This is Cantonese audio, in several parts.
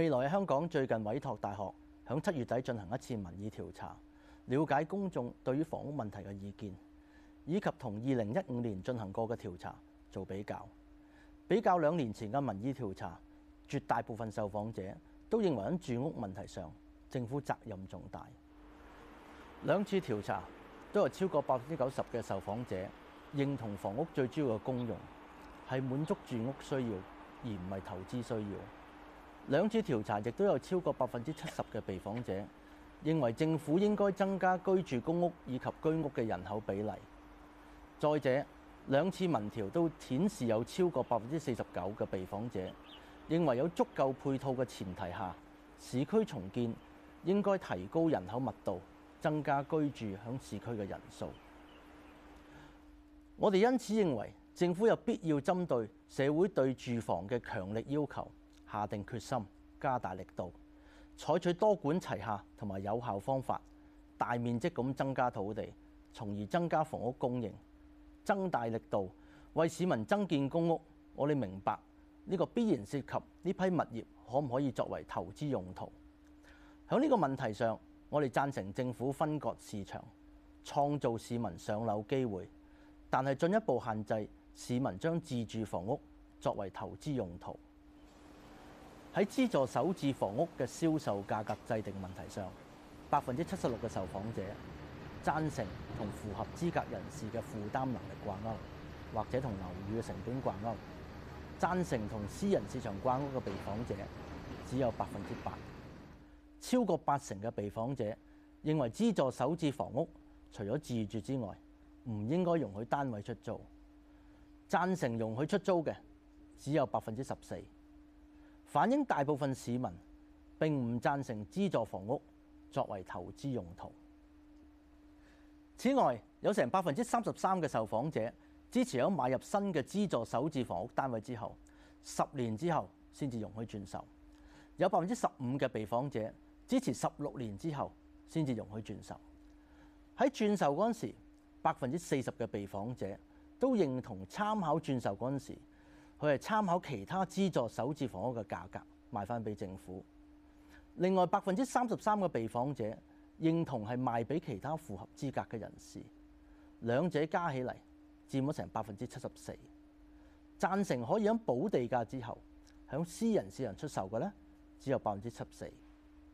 未來香港最近委託大學響七月底進行一次民意調查，了解公眾對於房屋問題嘅意見，以及同二零一五年進行過嘅調查做比較。比較兩年前嘅民意調查，絕大部分受訪者都認為喺住屋問題上，政府責任重大。兩次調查都有超過百分之九十嘅受訪者認同房屋最主要嘅功用係滿足住屋需要，而唔係投資需要。兩次調查亦都有超過百分之七十嘅被訪者認為政府應該增加居住公屋以及居屋嘅人口比例。再者，兩次民調都顯示有超過百分之四十九嘅被訪者認為有足夠配套嘅前提下，市區重建應該提高人口密度，增加居住喺市區嘅人數。我哋因此認為政府有必要針對社會對住房嘅強力要求。下定決心，加大力度，採取多管齊下同埋有效方法，大面積咁增加土地，從而增加房屋供應，增大力度，為市民增建公屋。我哋明白呢個必然涉及呢批物業可唔可以作為投資用途。喺呢個問題上，我哋贊成政府分割市場，創造市民上樓機會，但係進一步限制市民將自住房屋作為投資用途。喺資助首置房屋嘅銷售價格制定問題上，百分之七十六嘅受訪者贊成同符合資格人士嘅負擔能力掛鈎，或者同樓宇嘅成本掛鈎。贊成同私人市場掛鈎嘅被訪者只有百分之八，超過八成嘅被訪者認為資助首置房屋除咗自住之外，唔應該容許單位出租。贊成容許出租嘅只有百分之十四。反映大部分市民並唔贊成資助房屋作為投資用途。此外有，有成百分之三十三嘅受訪者支持喺買入新嘅資助首置房屋單位之後，十年之後先至容許轉售有；有百分之十五嘅被訪者支持十六年之後先至容許轉售。喺轉售嗰陣時，百分之四十嘅被訪者都認同參考轉售嗰陣時。佢係參考其他資助首置房屋嘅價格賣翻俾政府。另外百分之三十三嘅被訪者認同係賣俾其他符合資格嘅人士，兩者加起嚟佔咗成百分之七十四。贊成可以喺補地價之後，喺私人市場出售嘅呢，只有百分之七十四。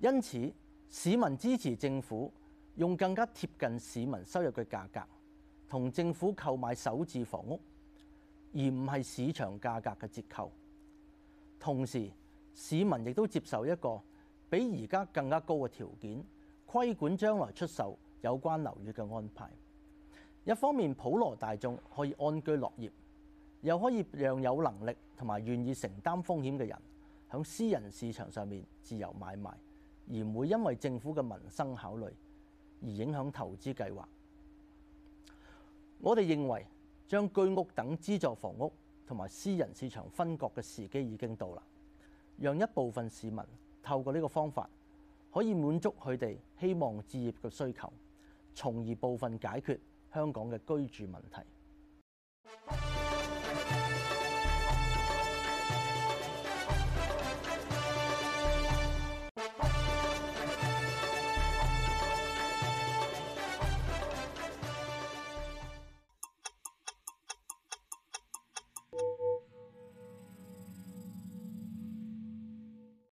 因此市民支持政府用更加貼近市民收入嘅價格，同政府購買首置房屋。而唔係市場價格嘅折扣，同時市民亦都接受一個比而家更加高嘅條件規管，將來出售有關樓宇嘅安排。一方面普羅大眾可以安居樂業，又可以讓有能力同埋願意承擔風險嘅人，喺私人市場上面自由買賣，而唔會因為政府嘅民生考慮而影響投資計劃。我哋認為，將居屋等資助房屋同埋私人市場分割嘅時機已經到啦，讓一部分市民透過呢個方法可以滿足佢哋希望置業嘅需求，從而部分解決香港嘅居住問題。